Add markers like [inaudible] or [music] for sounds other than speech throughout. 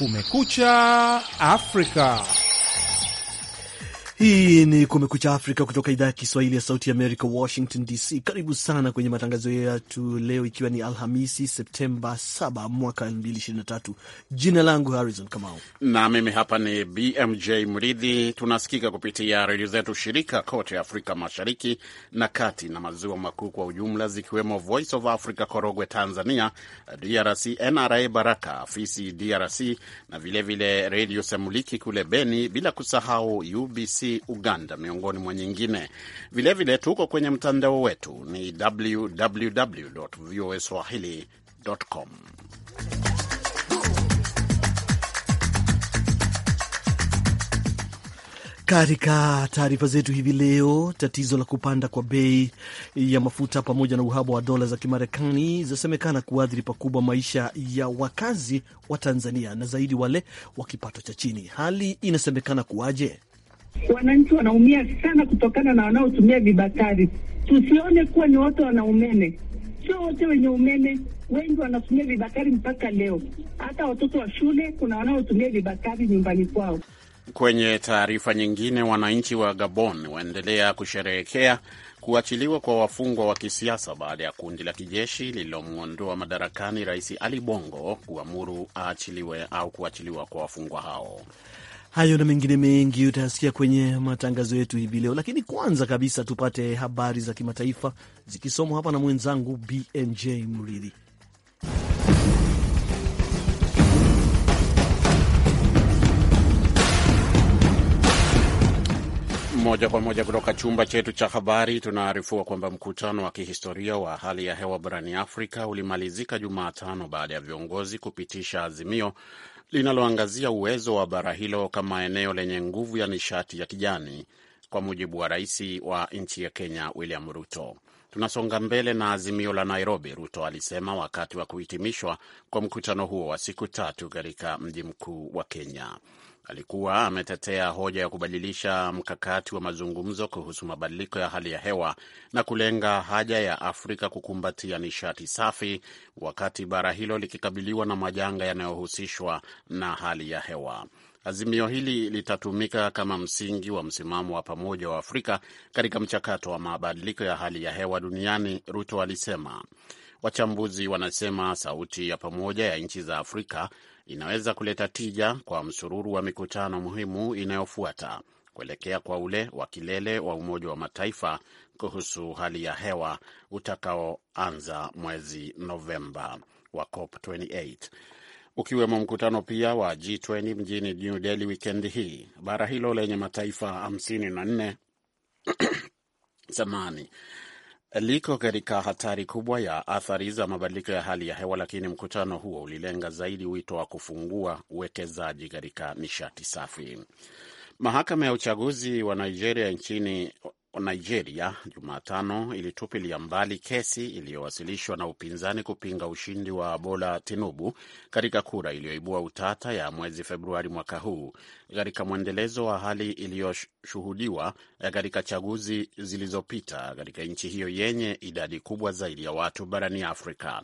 Kumekucha Afrika. Hii ni Kumekucha Afrika kutoka idhaa ya Kiswahili ya Sauti ya Amerika, Washington DC. Karibu sana kwenye matangazo yetu leo, ikiwa ni Alhamisi Septemba 7 mwaka 2023. Jina langu Harrison Kamau na mimi hapa ni BMJ Mridhi. Tunasikika kupitia redio zetu shirika kote Afrika Mashariki na Kati na Maziwa Makuu kwa ujumla, zikiwemo Voice of Africa Korogwe Tanzania, DRC NRA Baraka afisi DRC na vilevile Redio Semuliki kule Beni, bila kusahau UBC Uganda, miongoni mwa nyingine. Vilevile tuko kwenye mtandao wetu ni www voa swahili.com. Katika taarifa zetu hivi leo, tatizo la kupanda kwa bei ya mafuta pamoja na uhaba wa dola za Kimarekani zinasemekana kuathiri pakubwa maisha ya wakazi wa Tanzania na zaidi wale wa kipato cha chini. Hali inasemekana kuwaje? Wananchi wanaumia sana kutokana na wanaotumia vibatari. Tusione kuwa ni wote wana umeme, sio wote wenye umeme. Wengi wanatumia vibatari mpaka leo, hata watoto wa shule kuna wanaotumia vibatari nyumbani kwao. Kwenye taarifa nyingine, wananchi wa Gabon waendelea kusherehekea kuachiliwa kwa wafungwa wa kisiasa baada ya kundi la kijeshi lililomwondoa madarakani Rais Ali Bongo kuamuru aachiliwe au kuachiliwa kwa wafungwa hao. Hayo na mengine mengi utayasikia kwenye matangazo yetu hivi leo, lakini kwanza kabisa tupate habari za kimataifa zikisomwa hapa na mwenzangu BMJ Mridhi. Moja kwa moja kutoka chumba chetu cha habari tunaarifuwa kwamba mkutano wa kihistoria wa hali ya hewa barani Afrika ulimalizika Jumatano baada ya viongozi kupitisha azimio linaloangazia uwezo wa bara hilo kama eneo lenye nguvu ya nishati ya kijani, kwa mujibu wa rais wa nchi ya Kenya William Ruto. Tunasonga mbele na azimio la Nairobi, Ruto alisema wakati wa kuhitimishwa kwa mkutano huo wa siku tatu katika mji mkuu wa Kenya alikuwa ametetea hoja ya kubadilisha mkakati wa mazungumzo kuhusu mabadiliko ya hali ya hewa na kulenga haja ya Afrika kukumbatia nishati safi wakati bara hilo likikabiliwa na majanga yanayohusishwa na hali ya hewa. Azimio hili litatumika kama msingi wa msimamo wa pamoja wa Afrika katika mchakato wa mabadiliko ya hali ya hewa duniani, Ruto alisema. Wachambuzi wanasema sauti ya pamoja ya nchi za Afrika inaweza kuleta tija kwa msururu wa mikutano muhimu inayofuata kuelekea kwa ule wa kilele wa Umoja wa Mataifa kuhusu hali ya hewa utakaoanza mwezi Novemba wa COP 28 ukiwemo mkutano pia wa G20 mjini New Delhi wikendi hii. Bara hilo lenye mataifa 54 [coughs] samani liko katika hatari kubwa ya athari za mabadiliko ya hali ya hewa, lakini mkutano huo ulilenga zaidi wito wa kufungua uwekezaji katika nishati safi. Mahakama ya uchaguzi wa Nigeria nchini Nigeria Jumatano ilitupilia mbali kesi iliyowasilishwa na upinzani kupinga ushindi wa Bola Tinubu katika kura iliyoibua utata ya mwezi Februari mwaka huu katika mwendelezo wa hali iliyoshuhudiwa katika chaguzi zilizopita katika nchi hiyo yenye idadi kubwa zaidi ya watu barani Afrika.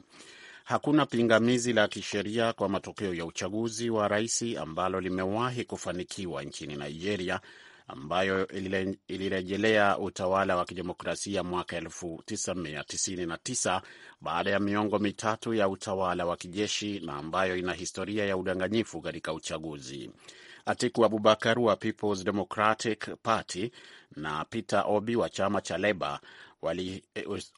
Hakuna pingamizi la kisheria kwa matokeo ya uchaguzi wa rais ambalo limewahi kufanikiwa nchini Nigeria ambayo ilirejelea utawala wa kidemokrasia mwaka 1999 baada ya miongo mitatu ya utawala wa kijeshi na ambayo ina historia ya udanganyifu katika uchaguzi. Atiku Abubakar wa Peoples Democratic Party na Peter Obi wa chama cha Leba walioshika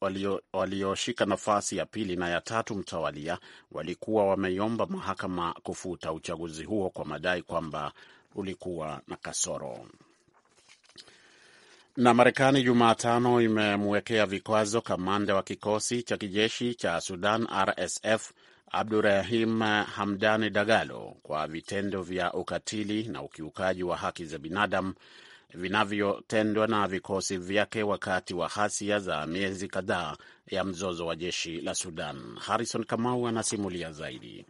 wali, wali nafasi ya pili na ya tatu mtawalia walikuwa wameiomba mahakama kufuta uchaguzi huo kwa madai kwamba ulikuwa na kasoro. Na Marekani Jumatano imemwekea vikwazo kamanda wa kikosi cha kijeshi cha Sudan RSF Abdurahim Hamdani Dagalo kwa vitendo vya ukatili na ukiukaji wa haki za binadamu vinavyotendwa na vikosi vyake wakati wa ghasia za miezi kadhaa ya mzozo wa jeshi la Sudan. Harrison Kamau anasimulia zaidi.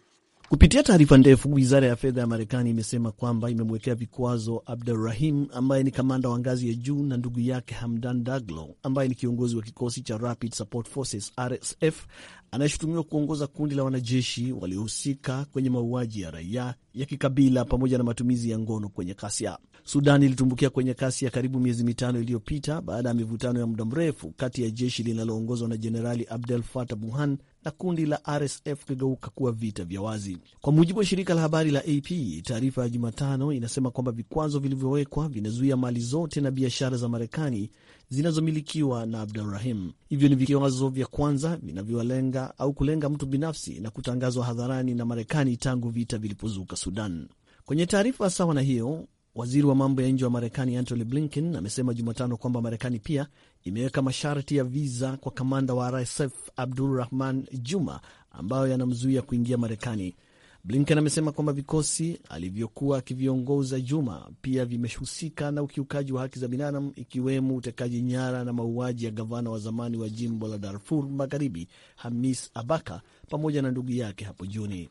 Kupitia taarifa ndefu, wizara ya fedha ya Marekani imesema kwamba imemwekea vikwazo abdurahim ambaye ni kamanda wa ngazi ya juu na ndugu yake Hamdan Daglo ambaye ni kiongozi wa kikosi cha Rapid Support Forces RSF anayeshutumiwa kuongoza kundi la wanajeshi waliohusika kwenye mauaji ya raia ya kikabila pamoja na matumizi ya ngono kwenye kasia. Sudan ilitumbukia kwenye kasi ya karibu miezi mitano iliyopita baada ya mivutano ya muda mrefu kati ya jeshi linaloongozwa na Jenerali Abdel Fattah Burhan na kundi la RSF kugeuka kuwa vita vya wazi. Kwa mujibu wa shirika la habari la AP, taarifa ya Jumatano inasema kwamba vikwazo vilivyowekwa vinazuia mali zote na biashara za Marekani zinazomilikiwa na Abdurahim. Hivyo ni vikwazo vya kwanza vinavyolenga au kulenga mtu binafsi na kutangazwa hadharani na Marekani tangu vita vilipozuka Sudan. Kwenye taarifa sawa na hiyo Waziri wa mambo ya nje wa Marekani Antony Blinken amesema Jumatano kwamba Marekani pia imeweka masharti ya viza kwa kamanda wa RSF rahman Juma ambayo yanamzuia kuingia Marekani. Blinken amesema kwamba vikosi alivyokuwa akiviongoza Juma pia vimehusika na ukiukaji wa haki za binadamu, ikiwemo utekaji nyara na mauaji ya gavana wa zamani wa jimbo la Darfur Magharibi Hamis Abaka pamoja na ndugu yake hapo Juni.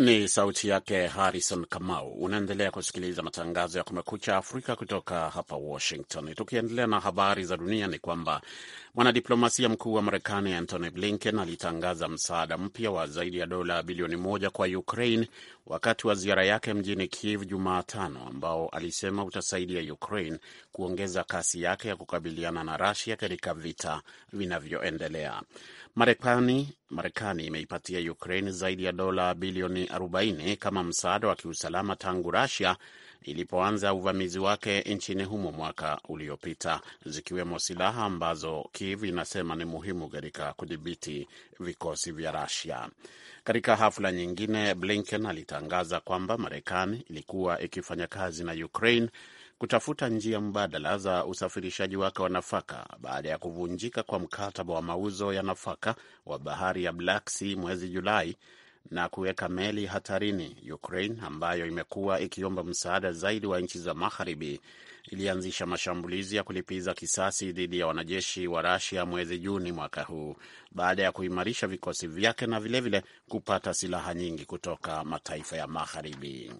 Ni sauti yake Harrison Kamau. Unaendelea kusikiliza matangazo ya Kumekucha Afrika kutoka hapa Washington. Tukiendelea na habari za dunia, ni kwamba mwanadiplomasia mkuu wa Marekani Antony Blinken alitangaza msaada mpya wa zaidi ya dola bilioni moja kwa Ukraine wakati wa ziara yake mjini Kiev Jumatano, ambao alisema utasaidia Ukraine kuongeza kasi yake ya kukabiliana na rasia katika vita vinavyoendelea. Marekani Marekani imeipatia Ukraine zaidi ya dola bilioni 40 kama msaada wa kiusalama tangu rasia ilipoanza uvamizi wake nchini humo mwaka uliopita, zikiwemo silaha ambazo Kiev inasema ni muhimu katika kudhibiti vikosi vya Rusia. Katika hafla nyingine, Blinken alitangaza kwamba Marekani ilikuwa ikifanya kazi na Ukraine kutafuta njia mbadala za usafirishaji wake wa nafaka baada ya kuvunjika kwa mkataba wa mauzo ya nafaka wa bahari ya Black Sea mwezi Julai na kuweka meli hatarini. Ukraine ambayo imekuwa ikiomba msaada zaidi wa nchi za magharibi ilianzisha mashambulizi ya kulipiza kisasi dhidi ya wanajeshi wa Rasia mwezi Juni mwaka huu baada ya kuimarisha vikosi vyake na vilevile vile kupata silaha nyingi kutoka mataifa ya magharibi.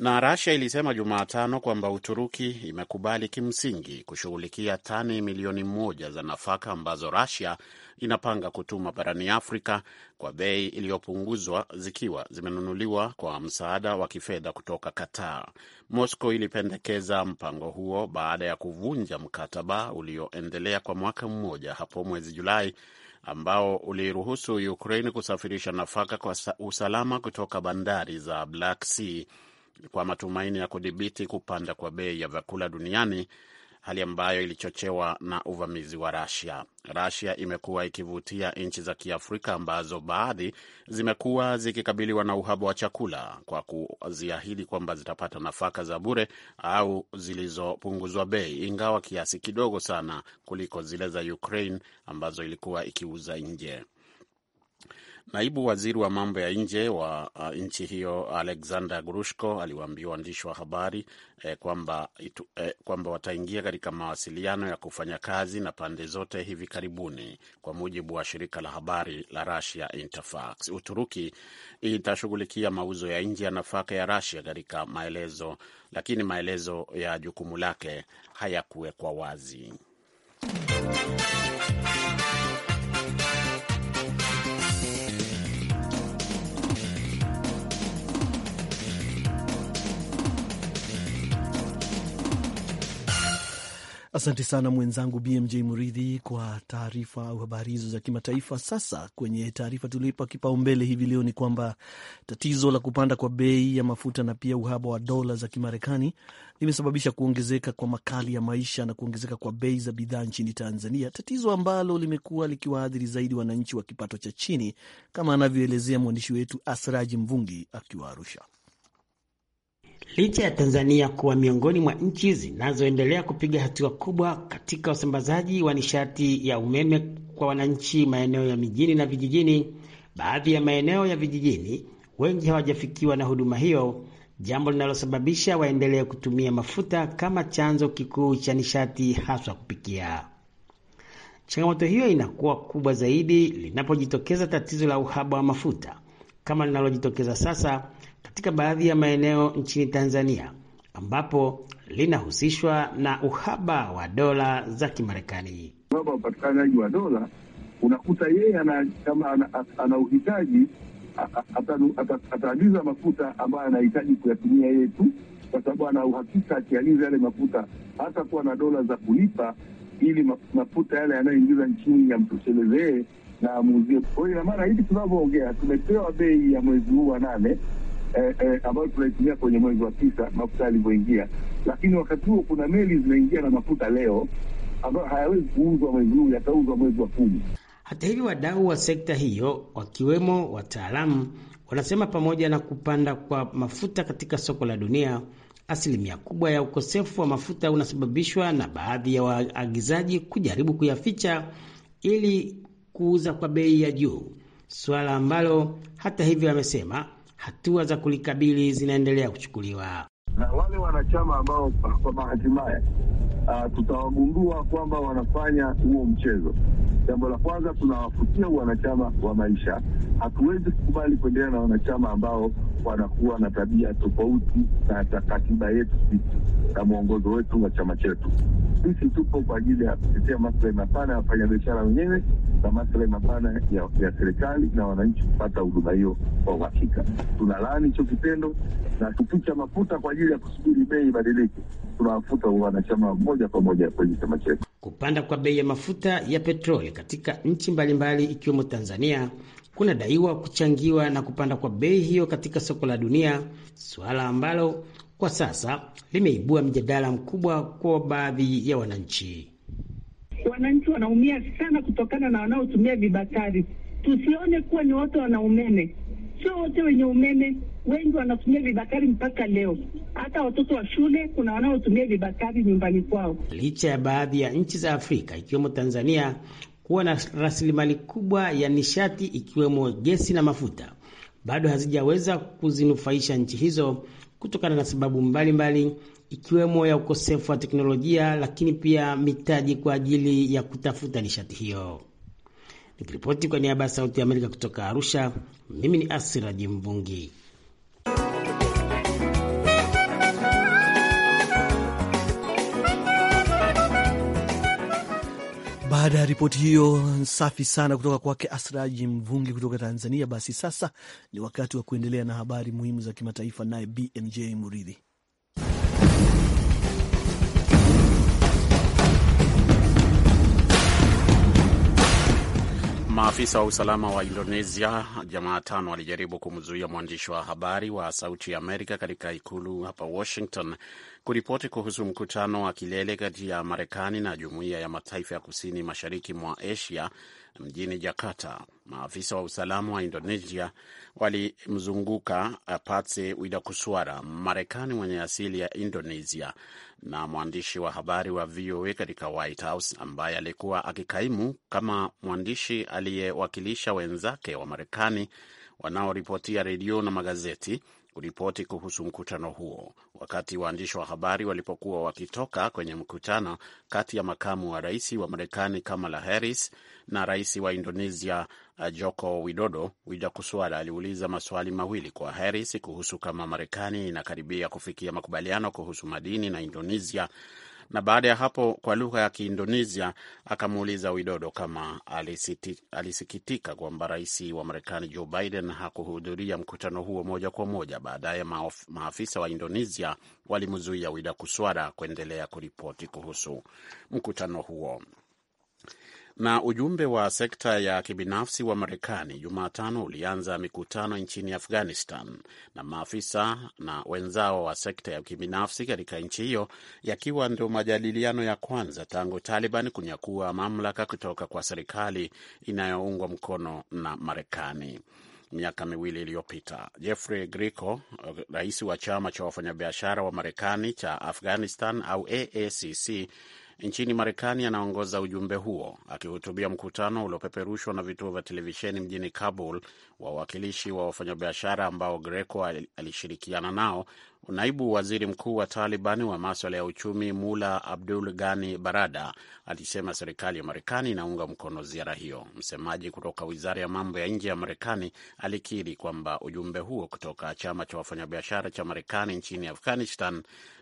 Na Russia ilisema Jumatano kwamba Uturuki imekubali kimsingi kushughulikia tani milioni moja za nafaka ambazo Russia inapanga kutuma barani Afrika kwa bei iliyopunguzwa zikiwa zimenunuliwa kwa msaada wa kifedha kutoka Qatar. Moscow ilipendekeza mpango huo baada ya kuvunja mkataba ulioendelea kwa mwaka mmoja hapo mwezi Julai ambao uliruhusu Ukraine kusafirisha nafaka kwa usalama kutoka bandari za Black Sea kwa matumaini ya kudhibiti kupanda kwa bei ya vyakula duniani, hali ambayo ilichochewa na uvamizi wa Rasia. Rasia imekuwa ikivutia nchi za Kiafrika ambazo baadhi zimekuwa zikikabiliwa na uhaba wa chakula kwa kuziahidi kwamba zitapata nafaka za bure au zilizopunguzwa bei, ingawa kiasi kidogo sana kuliko zile za Ukraine ambazo ilikuwa ikiuza nje. Naibu waziri wa mambo ya nje wa uh, nchi hiyo Alexander Grushko aliwaambia waandishi wa habari eh, kwamba eh, kwamba wataingia katika mawasiliano ya kufanya kazi na pande zote hivi karibuni, kwa mujibu wa shirika la habari la Russia Interfax. Uturuki itashughulikia mauzo ya nje ya nafaka ya Russia katika maelezo, lakini maelezo ya jukumu lake hayakuwekwa wazi. Asante sana mwenzangu BMJ Muridhi kwa taarifa au habari hizo za kimataifa. Sasa kwenye taarifa tulipa kipaumbele hivi leo ni kwamba tatizo la kupanda kwa bei ya mafuta na pia uhaba wa dola za Kimarekani limesababisha kuongezeka kwa makali ya maisha na kuongezeka kwa bei za bidhaa nchini Tanzania, tatizo ambalo limekuwa likiwaadhiri zaidi wananchi wa kipato cha chini, kama anavyoelezea mwandishi wetu Asraji Mvungi akiwa Arusha. Licha ya Tanzania kuwa miongoni mwa nchi zinazoendelea kupiga hatua kubwa katika usambazaji wa nishati ya umeme kwa wananchi maeneo ya mijini na vijijini, baadhi ya maeneo ya vijijini wengi hawajafikiwa na huduma hiyo, jambo linalosababisha waendelee kutumia mafuta kama chanzo kikuu cha nishati, haswa kupikia. Changamoto hiyo inakuwa kubwa zaidi linapojitokeza tatizo la uhaba wa mafuta kama linalojitokeza sasa katika baadhi ya maeneo nchini Tanzania ambapo linahusishwa na uhaba wa dola za Kimarekani. Uhaba wa upatikanaji wa dola, unakuta yeye kama ana, ana, uhitaji ataagiza mafuta ambayo anahitaji kuyatumia yeye tu, kwa sababu ana uhakika akiagiza yale mafuta hata kuwa na dola za kulipa ili mafuta yale yanayoingiza nchini yamtoshelezee na amuuzie. Kwa hiyo maana hivi tunavyoongea tumepewa bei ya mwezi huu wa nane eh, eh, ambayo tunaitumia kwenye mwezi wa tisa mafuta yalivyoingia, lakini wakati huo kuna meli zinaingia na mafuta leo ambayo hayawezi kuuzwa mwezi huu, yatauzwa mwezi wa kumi. Hata hivyo, wadau wa sekta hiyo wakiwemo wataalamu wanasema pamoja na kupanda kwa mafuta katika soko la dunia, asilimia kubwa ya ukosefu wa mafuta unasababishwa na baadhi ya waagizaji kujaribu kuyaficha ili kuuza kwa bei ya juu, suala ambalo hata hivyo amesema hatua za kulikabili zinaendelea kuchukuliwa na wale wanachama ambao kwa bahatimbaya uh, ah, tutawagundua kwamba wanafanya huo mchezo, jambo la kwanza tunawafutia wanachama wa maisha. Hatuwezi kukubali kuendelea na wanachama ambao wanakuwa na tabia tofauti na katiba yetu sisi na mwongozo wetu wa chama chetu. Sisi tupo kwa ajili ya kutetea maslahi mapana ya wafanyabiashara wenyewe kwa maslahi mapana ya, ya serikali na wananchi kupata huduma hiyo kwa uhakika. Tunalaani hicho kitendo na tupicha mafuta kwa ajili ya kusubiri bei ibadilike. Tunawafuta wanachama moja kwa moja kwenye chama chetu. Kupanda kwa bei ya mafuta ya petroli katika nchi mbalimbali ikiwemo Tanzania kunadaiwa kuchangiwa na kupanda kwa bei hiyo katika soko la dunia, suala ambalo kwa sasa limeibua mjadala mkubwa kwa baadhi ya wananchi wananchi wanaumia sana kutokana na wanaotumia vibatari. Tusione kuwa ni wote wana umeme, sio wote wenye umeme. Wengi wanatumia vibatari mpaka leo. Hata watoto wa shule kuna wanaotumia vibatari nyumbani kwao. Licha ya baadhi ya nchi za Afrika ikiwemo Tanzania kuwa na rasilimali kubwa ya nishati ikiwemo gesi na mafuta, bado hazijaweza kuzinufaisha nchi hizo kutokana na sababu mbalimbali mbali, ikiwemo ya ukosefu wa teknolojia lakini pia mitaji kwa ajili ya kutafuta nishati hiyo. Nikiripoti kwa niaba ya Sauti ya Amerika kutoka Arusha, mimi ni Asira Jimvungi. Baada ya ripoti hiyo safi sana kutoka kwake Asraji Mvungi kutoka Tanzania, basi sasa ni wakati wa kuendelea na habari muhimu za kimataifa, naye BMJ Muridhi. Maafisa wa usalama wa Indonesia Jumatano walijaribu kumzuia mwandishi wa habari wa Sauti ya Amerika katika ikulu hapa Washington kuripoti kuhusu mkutano wa kilele kati ya Marekani na Jumuiya ya Mataifa ya Kusini Mashariki mwa Asia mjini Jakarta. Maafisa wa usalama wa Indonesia walimzunguka eh, Patsi Widakuswara, Marekani mwenye asili ya Indonesia na mwandishi wa habari wa VOA katika White House, ambaye alikuwa akikaimu kama mwandishi aliyewakilisha wenzake wa Marekani wanaoripotia redio na magazeti kuripoti kuhusu mkutano huo wakati waandishi wa habari walipokuwa wakitoka kwenye mkutano kati ya makamu wa rais wa Marekani Kamala Harris na rais wa Indonesia uh, Joko Widodo. Wida Kuswara aliuliza maswali mawili kwa Harris kuhusu kama Marekani inakaribia kufikia makubaliano kuhusu madini na Indonesia na baada ya hapo kwa lugha ya Kiindonesia akamuuliza Widodo kama alisiti, alisikitika kwamba rais wa Marekani Joe Biden hakuhudhuria mkutano huo moja kwa moja. Baadaye maafisa wa Indonesia walimzuia Wida Kuswara kuendelea kuripoti kuhusu mkutano huo. Na ujumbe wa sekta ya kibinafsi wa Marekani Jumatano ulianza mikutano nchini Afghanistan na maafisa na wenzao wa sekta ya kibinafsi katika nchi hiyo, yakiwa ndio majadiliano ya kwanza tangu Taliban kunyakua mamlaka kutoka kwa serikali inayoungwa mkono na Marekani miaka miwili iliyopita. Jeffrey Grico, rais wa chama cha wafanyabiashara wa Marekani cha Afghanistan au AACC, nchini Marekani anaongoza ujumbe huo. Akihutubia mkutano uliopeperushwa na vituo vya televisheni mjini Kabul wa wawakilishi wa wafanyabiashara ambao Greco alishirikiana nao, Naibu waziri mkuu wa Talibani wa maswala ya uchumi Mula Abdul Ghani Barada alisema serikali ya Marekani inaunga mkono ziara hiyo. Msemaji kutoka wizara ya mambo ya nje ya Marekani alikiri kwamba ujumbe huo kutoka chama cha wafanyabiashara cha Marekani nchini Afghanistan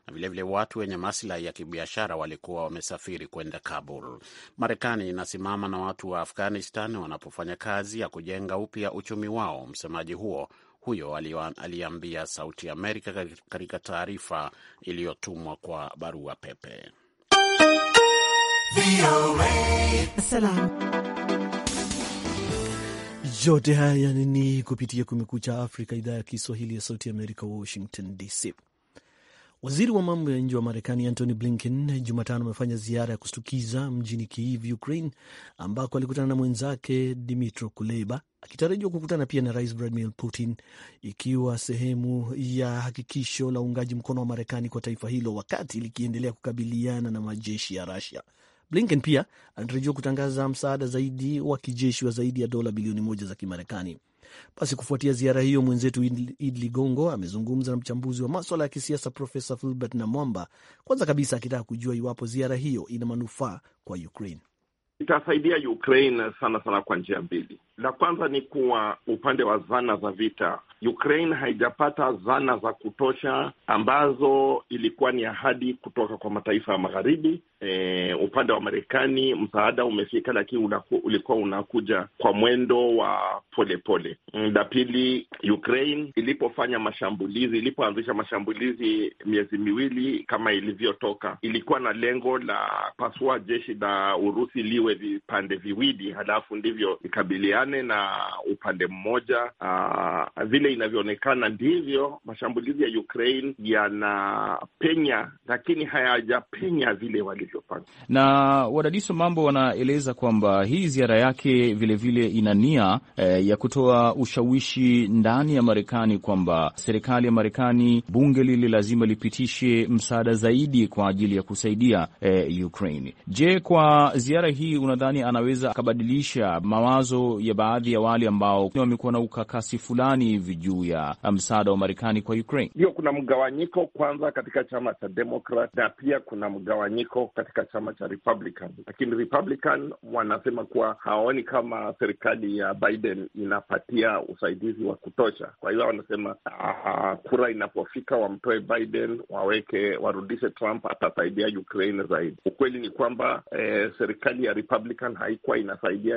na vilevile vile watu wenye maslahi ya kibiashara walikuwa wamesafiri kwenda Kabul. Marekani inasimama na watu wa Afghanistan wanapofanya kazi ya kujenga upya uchumi wao, msemaji huo huyo aliambia Sauti ya Amerika katika taarifa iliyotumwa kwa barua pepe. Yote haya ni kupitia Kumekucha Afrika, idhaa ya Kiswahili ya Sauti ya Amerika, Washington DC. Waziri wa mambo ya nje wa Marekani Antony Blinken Jumatano amefanya ziara ya kushtukiza mjini Kiev, Ukraine, ambako alikutana na mwenzake Dmitro Kuleba akitarajiwa kukutana pia na Rais Vladimir Putin ikiwa sehemu ya hakikisho la uungaji mkono wa Marekani kwa taifa hilo wakati likiendelea kukabiliana na majeshi ya Rusia. Blinken pia anatarajiwa kutangaza msaada zaidi wa kijeshi wa zaidi ya dola bilioni moja za Kimarekani. Basi kufuatia ziara hiyo, mwenzetu Id Ligongo amezungumza na mchambuzi wa maswala ya kisiasa Profesa Fulbert Namwamba, kwanza kabisa akitaka kujua iwapo ziara hiyo ina manufaa kwa Ukraine. Itasaidia Ukraine sana sana kwa njia mbili. La kwanza ni kuwa upande wa zana za vita, Ukraine haijapata zana za kutosha ambazo ilikuwa ni ahadi kutoka kwa mataifa ya magharibi. E, upande wa Marekani msaada umefika, lakini unaku, ulikuwa unakuja kwa mwendo wa polepole. Mm, la pili, Ukraine ilipofanya mashambulizi, ilipoanzisha mashambulizi miezi miwili kama ilivyotoka, ilikuwa na lengo la pasua jeshi la Urusi liwe vipande viwili, halafu ndivyo ikabiliana upambane na upande mmoja. Uh, vile inavyoonekana ndivyo mashambulizi ya Ukraine yanapenya, lakini hayajapenya vile walivyopanga. Na wadadisi wa mambo wanaeleza kwamba hii ziara yake vilevile ina nia eh, ya kutoa ushawishi ndani ya Marekani kwamba serikali ya Marekani, bunge lile lazima lipitishe msaada zaidi kwa ajili ya kusaidia eh, Ukraine. Je, kwa ziara hii unadhani anaweza akabadilisha mawazo ya baadhi ya wale ambao wamekuwa na ukakasi fulani hivi juu ya msaada wa Marekani kwa Ukraine? Ndio, kuna mgawanyiko kwanza katika chama cha Democrat na pia kuna mgawanyiko katika chama cha Republican, lakini Republican wanasema kuwa hawaoni kama serikali ya Biden inapatia usaidizi wa kutosha. Kwa hiyo wanasema uh, kura inapofika wamtoe Biden, waweke warudishe Trump, atasaidia Ukraine zaidi. Ukweli ni kwamba eh, serikali ya Republican haikuwa inasaidia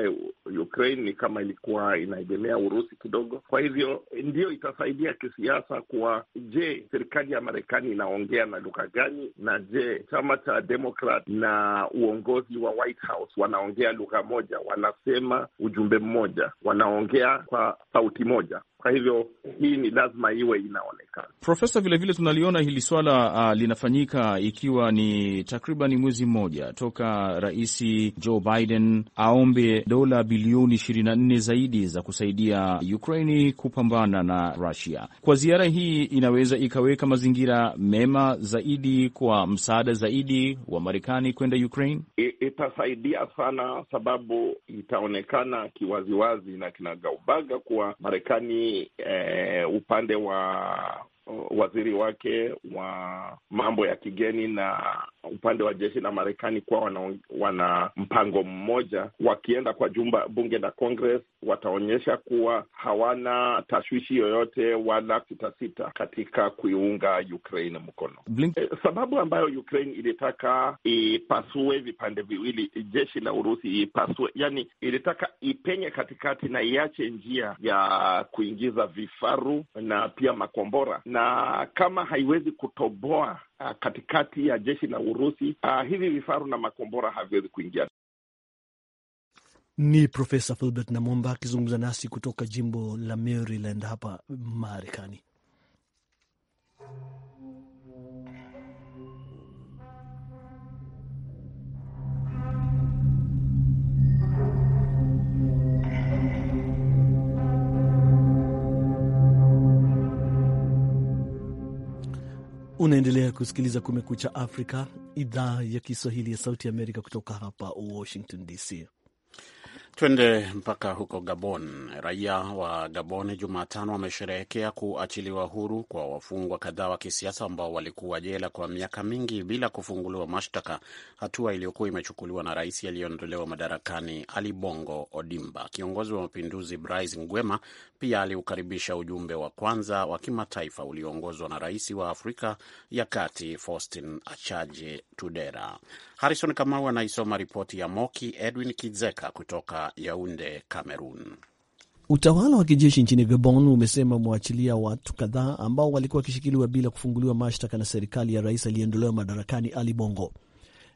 Ukraine, ni kama kama ilikuwa inaegemea Urusi kidogo. Kwa hivyo ndio itasaidia kisiasa kuwa je, serikali ya Marekani inaongea na lugha gani? Na je, chama cha Demokrat na uongozi wa White House wanaongea lugha moja? Wanasema ujumbe mmoja? Wanaongea kwa sauti moja? Kwa hivyo hii ni lazima iwe inaonekana. Profesa, vilevile tunaliona hili swala uh, linafanyika ikiwa ni takriban mwezi mmoja toka Rais Joe Biden aombe dola bilioni ishirini na nne zaidi za kusaidia Ukraini kupambana na Rusia. Kwa ziara hii inaweza ikaweka mazingira mema zaidi kwa msaada zaidi wa Marekani kwenda Ukraine. Itasaidia sana, sababu itaonekana kiwaziwazi na kinagaubaga kuwa Marekani eh, upande wa Uh, waziri wake wa mambo ya kigeni na upande wa jeshi la Marekani kuwa wana, wana mpango mmoja. Wakienda kwa jumba bunge la Congress wataonyesha kuwa hawana tashwishi yoyote wala sitasita katika kuiunga Ukraine mkono. Eh, sababu ambayo Ukraine ilitaka ipasue vipande viwili, jeshi la Urusi ipasue, yani ilitaka ipenye katikati na iache njia ya kuingiza vifaru na pia makombora na kama haiwezi kutoboa uh, katikati ya jeshi la Urusi uh, hivi vifaru na makombora haviwezi kuingia. Ni Profesa Filbert namomba akizungumza nasi kutoka jimbo la Maryland hapa Marekani. Unaendelea kusikiliza Kumekucha Afrika, idhaa ya Kiswahili ya Sauti ya Amerika kutoka hapa Washington DC. Twende mpaka huko Gabon. Raia wa Gabon Jumatano wamesherehekea kuachiliwa huru kwa wafungwa kadhaa wa kisiasa ambao walikuwa jela kwa miaka mingi bila kufunguliwa mashtaka, hatua iliyokuwa imechukuliwa na rais aliyeondolewa madarakani Ali Bongo Odimba. Kiongozi wa mapinduzi bris Ngwema pia aliukaribisha ujumbe wa kwanza wa kimataifa ulioongozwa na rais wa Afrika ya Kati Faustin Achaje Tudera. Harrison Kamau anaisoma ripoti ya Moki Edwin Kizeka kutoka Yaunde, Cameroon. Utawala wa kijeshi nchini Gabon umesema umewachilia watu kadhaa ambao walikuwa wakishikiliwa bila kufunguliwa mashtaka na serikali ya rais aliyeondolewa madarakani Ali Bongo.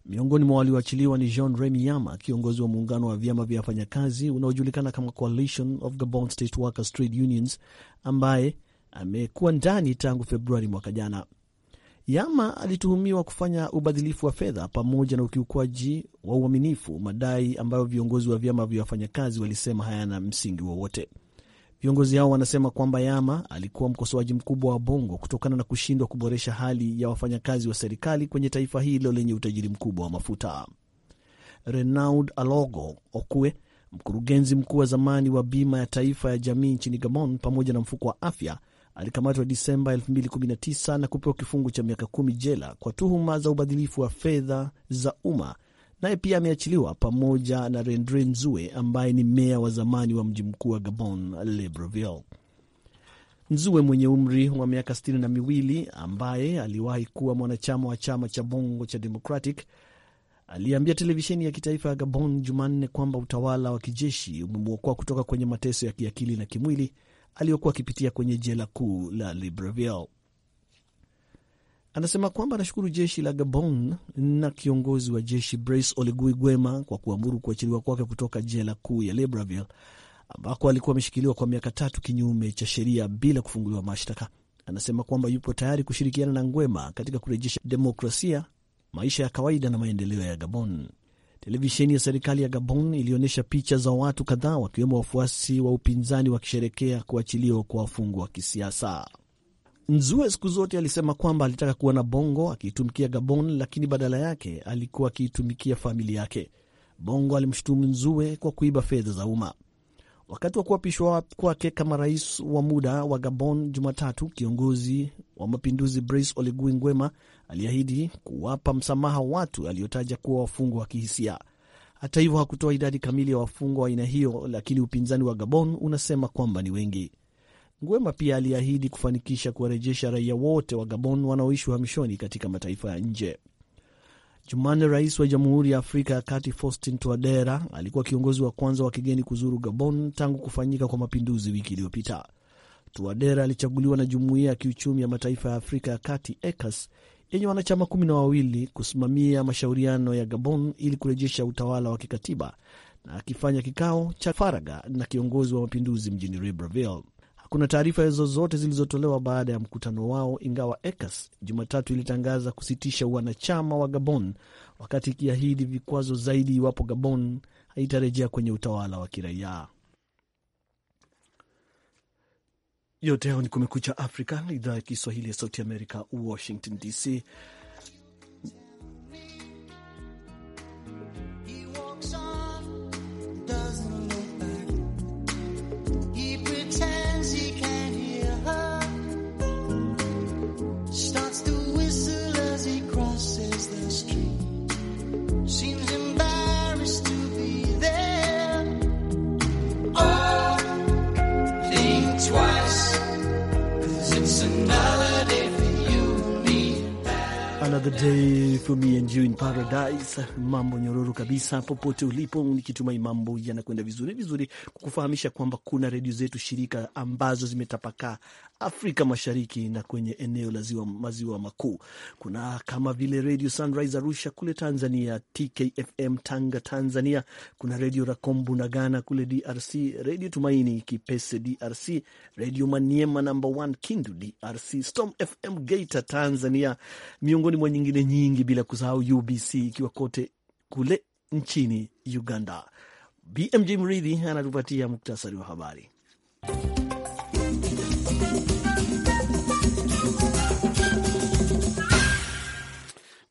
Miongoni mwa walioachiliwa ni Jean Remy Yama, kiongozi wa muungano wa vyama vya wafanyakazi unaojulikana kama Coalition of Gabon State Workers Trade Unions, ambaye amekuwa ndani tangu Februari mwaka jana. Yama alituhumiwa kufanya ubadhilifu wa fedha pamoja na ukiukwaji wa uaminifu, madai ambayo viongozi wa vyama vya wafanyakazi walisema hayana msingi wowote. Viongozi hao wanasema kwamba Yama alikuwa mkosoaji mkubwa wa Bongo kutokana na kushindwa kuboresha hali ya wafanyakazi wa serikali kwenye taifa hilo lenye utajiri mkubwa wa mafuta. Renaud Alogo okue mkurugenzi mkuu wa zamani wa bima ya taifa ya jamii nchini Gabon pamoja na mfuko wa afya alikamatwa Disemba 2019 na kupewa kifungo cha miaka kumi jela kwa tuhuma za ubadhilifu wa fedha za umma. Naye pia ameachiliwa pamoja na Rendre Nzue ambaye ni meya wa zamani wa mji mkuu wa Gabon, Libreville. Nzue mwenye umri wa miaka sitini na miwili ambaye aliwahi kuwa mwanachama wa chama cha Bongo cha Democratic aliambia televisheni ya kitaifa ya Gabon Jumanne kwamba utawala wa kijeshi umemwokoa kutoka kwenye mateso ya kiakili na kimwili aliyokuwa akipitia kwenye jela kuu la Libreville. Anasema kwamba anashukuru jeshi la Gabon na kiongozi wa jeshi Brice Oligui Nguema kwa kuamuru kuachiliwa kwake kutoka jela kuu ya Libreville ambako alikuwa ameshikiliwa kwa miaka tatu kinyume cha sheria bila kufunguliwa mashtaka. Anasema kwamba yupo tayari kushirikiana na Ngwema katika kurejesha demokrasia, maisha ya kawaida na maendeleo ya Gabon. Televisheni ya serikali ya Gabon ilionyesha picha za watu kadhaa wakiwemo wafuasi wa upinzani wakisherekea kuachiliwa kwa wafungwa wa kisiasa. Nzue siku zote alisema kwamba alitaka kuwa na Bongo akiitumikia Gabon, lakini badala yake alikuwa akiitumikia familia yake. Bongo alimshutumu Nzue kwa kuiba fedha za umma. Wakati wa kuapishwa kwake kama rais wa muda wa Gabon Jumatatu, kiongozi wa mapinduzi Brice Oligui Nguema aliahidi kuwapa msamaha watu aliotaja kuwa wafungwa wa kihisia. Hata hivyo, hakutoa idadi kamili ya wafungwa wa aina hiyo, lakini upinzani wa Gabon unasema kwamba ni wengi. Nguema pia aliahidi kufanikisha kuwarejesha raia wote wa Gabon wanaoishi uhamishoni katika mataifa ya nje. Jumanne, rais wa Jamhuri ya Afrika ya Kati Faustin Touadera alikuwa kiongozi wa kwanza wa kigeni kuzuru Gabon tangu kufanyika kwa mapinduzi wiki iliyopita. Touadera alichaguliwa na Jumuiya ya Kiuchumi ya Mataifa ya Afrika ya Kati ECAS yenye wanachama kumi na wawili kusimamia mashauriano ya Gabon ili kurejesha utawala wa kikatiba na akifanya kikao cha faraga na kiongozi wa mapinduzi mjini Libreville. Hakuna taarifa zozote zilizotolewa baada ya mkutano wao, ingawa ECAS Jumatatu ilitangaza kusitisha wanachama wa Gabon wakati ikiahidi vikwazo zaidi iwapo Gabon haitarejea kwenye utawala wa kiraia. Yote hayo ni Kumekucha Afrika, idhaa ya Kiswahili ya Sauti Amerika, Washington DC. another day for me and you in paradise. Mambo nyororo kabisa popote ulipo, nikitumai mambo yanakwenda vizuri vizuri, kukufahamisha kwamba kuna redio zetu shirika ambazo zimetapakaa Afrika Mashariki na kwenye eneo la ziwa maziwa makuu. Kuna kama vile Radio Sunrise Arusha kule Tanzania, TKFM Tanga Tanzania, kuna Radio Rakombu na Ghana kule DRC, Radio Tumaini Kipese DRC, Radio Maniema namba 1 Kindu DRC, Storm FM Geita Tanzania, miongoni mwa nyingine nyingi, bila kusahau UBC ikiwa kote kule nchini Uganda. BMJ Mridhi anatupatia muktasari wa habari.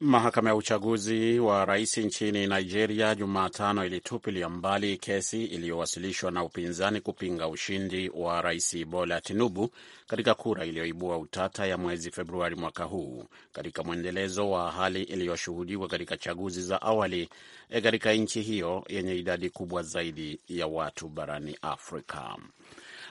Mahakama ya uchaguzi wa rais nchini Nigeria Jumatano ilitupilia mbali kesi iliyowasilishwa na upinzani kupinga ushindi wa rais Bola Tinubu katika kura iliyoibua utata ya mwezi Februari mwaka huu, katika mwendelezo wa hali iliyoshuhudiwa katika chaguzi za awali eh, katika nchi hiyo yenye idadi kubwa zaidi ya watu barani Afrika.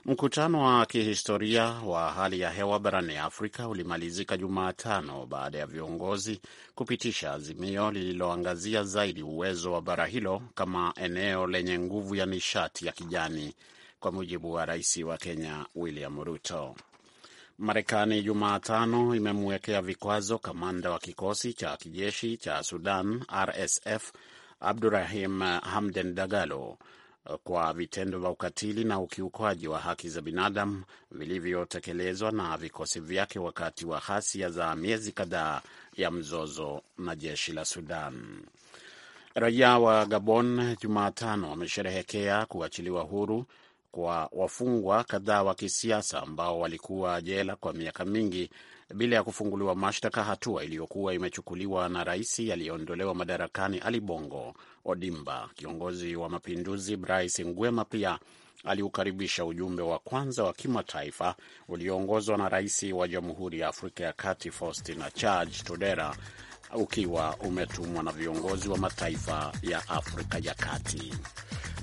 Mkutano wa kihistoria wa hali ya hewa barani Afrika ulimalizika Jumatano baada ya viongozi kupitisha azimio lililoangazia zaidi uwezo wa bara hilo kama eneo lenye nguvu ya nishati ya kijani, kwa mujibu wa rais wa Kenya William Ruto. Marekani Jumatano imemwekea vikwazo kamanda wa kikosi cha kijeshi cha Sudan RSF Abdurahim Hamden Dagalo kwa vitendo vya ukatili na ukiukwaji wa haki za binadamu vilivyotekelezwa na vikosi vyake wakati wa ghasia za miezi kadhaa ya mzozo na jeshi la Sudan. Raia wa Gabon Jumatano wamesherehekea kuachiliwa huru kwa wafungwa kadhaa wa kisiasa ambao walikuwa jela kwa miaka mingi bila ya kufunguliwa mashtaka, hatua iliyokuwa imechukuliwa na rais aliyeondolewa madarakani Ali Bongo Odimba. Kiongozi wa mapinduzi Brice Ngwema pia aliukaribisha ujumbe wa kwanza wa kimataifa ulioongozwa na rais wa Jamhuri ya Afrika ya Kati Faustin Archange Touadera ukiwa umetumwa na viongozi wa mataifa ya Afrika ya Kati.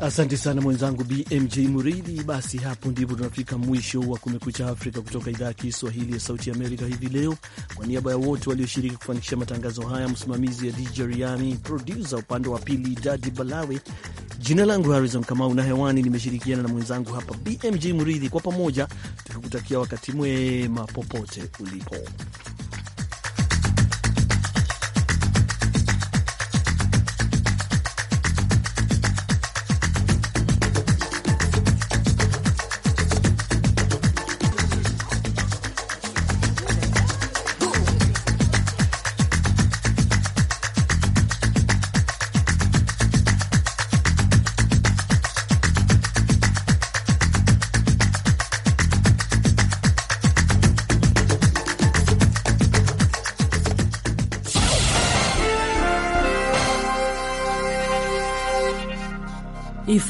Asante sana mwenzangu BMJ Muridhi. Basi hapo ndipo tunafika mwisho wa Kumekucha Afrika kutoka idhaa ya Kiswahili ya Sauti Amerika hivi leo. Kwa niaba ya wote walioshiriki kufanikisha matangazo haya, msimamizi ya DJ Riami, produsa upande wa pili Dadi Balawe, jina langu harizon Kamau na hewani nimeshirikiana na mwenzangu hapa BMJ Muridhi, kwa pamoja tukikutakia wakati mwema popote ulipo.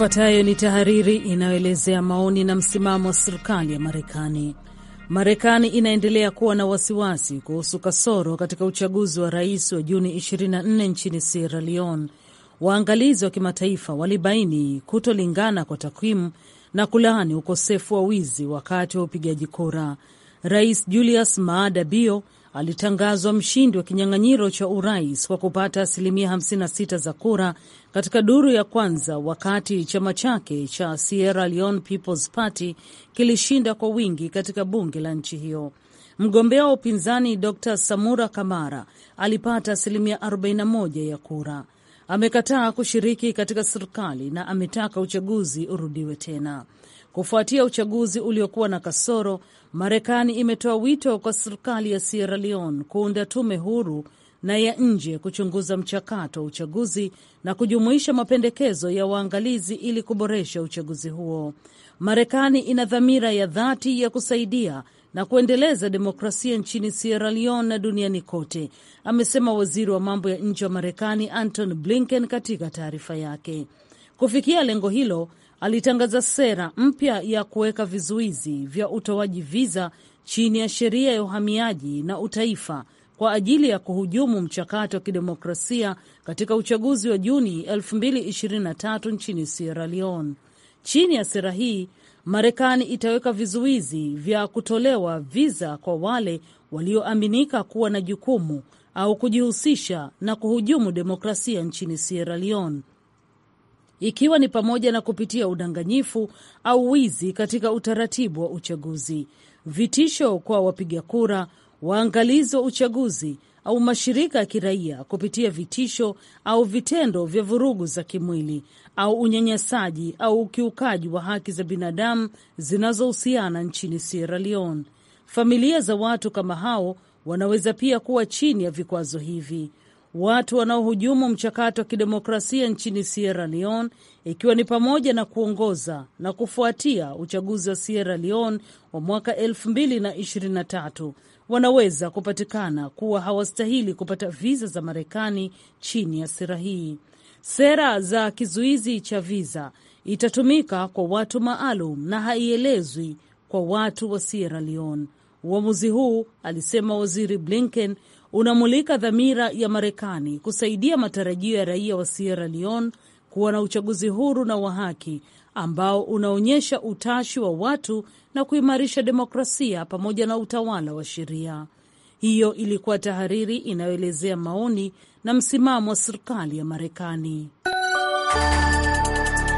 Ifuatayo ni tahariri inayoelezea maoni na msimamo wa serikali ya Marekani. Marekani inaendelea kuwa na wasiwasi kuhusu kasoro katika uchaguzi wa rais wa Juni 24 nchini Sierra Leone. Waangalizi wa kimataifa walibaini kutolingana kwa takwimu na kulaani ukosefu wa wizi wakati wa upigaji kura. Rais Julius Maada Bio alitangazwa mshindi wa kinyang'anyiro cha urais kwa kupata asilimia 56 za kura katika duru ya kwanza, wakati chama chake cha Sierra Leone People's Party kilishinda kwa wingi katika bunge la nchi hiyo. Mgombea wa upinzani Dr Samura Kamara alipata asilimia 41 ya kura. Amekataa kushiriki katika serikali na ametaka uchaguzi urudiwe tena. Kufuatia uchaguzi uliokuwa na kasoro, Marekani imetoa wito kwa serikali ya Sierra Leone kuunda tume huru na ya nje kuchunguza mchakato wa uchaguzi na kujumuisha mapendekezo ya waangalizi ili kuboresha uchaguzi huo. Marekani ina dhamira ya dhati ya kusaidia na kuendeleza demokrasia nchini Sierra Leone na duniani kote, amesema waziri wa mambo ya nje wa Marekani Anton Blinken katika taarifa yake. Kufikia lengo hilo, alitangaza sera mpya ya kuweka vizuizi vya utoaji viza chini ya sheria ya uhamiaji na utaifa kwa ajili ya kuhujumu mchakato wa kidemokrasia katika uchaguzi wa Juni 2023 nchini Sierra Leone. Chini ya sera hii, Marekani itaweka vizuizi vya kutolewa viza kwa wale walioaminika kuwa na jukumu au kujihusisha na kuhujumu demokrasia nchini Sierra Leone ikiwa ni pamoja na kupitia udanganyifu au wizi katika utaratibu wa uchaguzi, vitisho kwa wapiga kura, waangalizi wa uchaguzi au mashirika ya kiraia kupitia vitisho au vitendo vya vurugu za kimwili au unyanyasaji au ukiukaji wa haki za binadamu zinazohusiana nchini Sierra Leone. Familia za watu kama hao wanaweza pia kuwa chini ya vikwazo hivi watu wanaohujumu mchakato wa kidemokrasia nchini Sierra Leone, ikiwa ni pamoja na kuongoza na kufuatia uchaguzi wa Sierra Leone wa mwaka 2023 wanaweza kupatikana kuwa hawastahili kupata viza za Marekani chini ya sera hii. Sera za kizuizi cha viza itatumika kwa watu maalum na haielezwi kwa watu wa Sierra Leone. Uamuzi huu, alisema Waziri Blinken, unamulika dhamira ya Marekani kusaidia matarajio ya raia wa Sierra Leone kuwa na uchaguzi huru na wa haki ambao unaonyesha utashi wa watu na kuimarisha demokrasia pamoja na utawala wa sheria. Hiyo ilikuwa tahariri inayoelezea maoni na msimamo wa serikali ya Marekani.